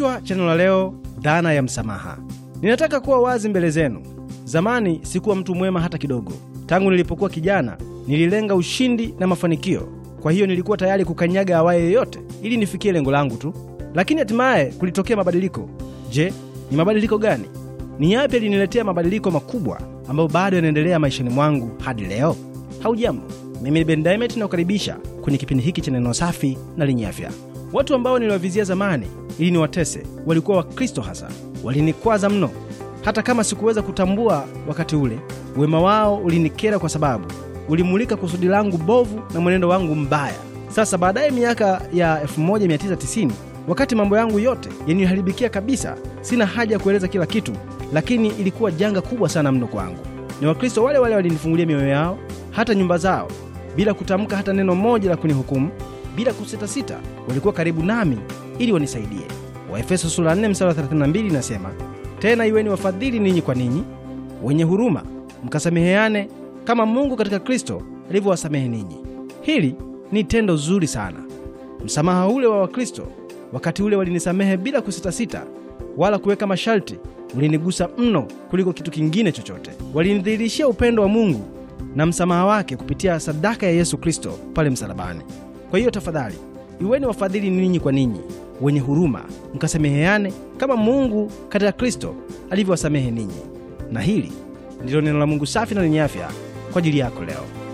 Kichwa cha neno la leo, dhana ya msamaha. Ninataka kuwa wazi mbele zenu. Zamani sikuwa mtu mwema hata kidogo. Tangu nilipokuwa kijana, nililenga ushindi na mafanikio. Kwa hiyo nilikuwa tayari kukanyaga awaye yeyote ili nifikie lengo langu tu, lakini hatimaye kulitokea mabadiliko. Je, ni mabadiliko gani? Ni yapi aliniletea mabadiliko makubwa ambayo bado yanaendelea maishani mwangu hadi leo? Haujambo, mimi ni Ben Daimet, kwenye kipindi hiki cha neno safi na lenye afya. Watu ambao niliwavizia zamani ili niwatese walikuwa Wakristo hasa, walinikwaza mno. Hata kama sikuweza kutambua wakati ule, wema wao ulinikera kwa sababu ulimulika kusudi langu bovu na mwenendo wangu mbaya. Sasa baadaye, miaka ya 1990 wakati mambo yangu yote yaniharibikia kabisa, sina haja ya kueleza kila kitu, lakini ilikuwa janga kubwa sana mno kwangu. Ni Wakristo wale wale walinifungulia mioyo yao, hata nyumba zao, bila kutamka hata neno moja la kunihukumu bila kusitasita walikuwa karibu nami ili wanisaidie. Waefeso sura 4 mstari 32 inasema, tena iweni wafadhili ninyi kwa ninyi, wenye huruma, mkasameheane kama Mungu katika Kristo alivyowasamehe ninyi. Hili ni tendo zuri sana. Msamaha ule wa Wakristo wakati ule walinisamehe bila kusitasita wala kuweka masharti, ulinigusa mno kuliko kitu kingine chochote. Walinidhihirishia upendo wa Mungu na msamaha wake kupitia sadaka ya Yesu Kristo pale msalabani. Kwa hiyo tafadhali, iweni wafadhili ninyi kwa ninyi, wenye huruma, mkasameheane kama Mungu katika Kristo alivyowasamehe ninyi. Na hili ndilo neno la Mungu safi na lenye afya kwa ajili yako leo.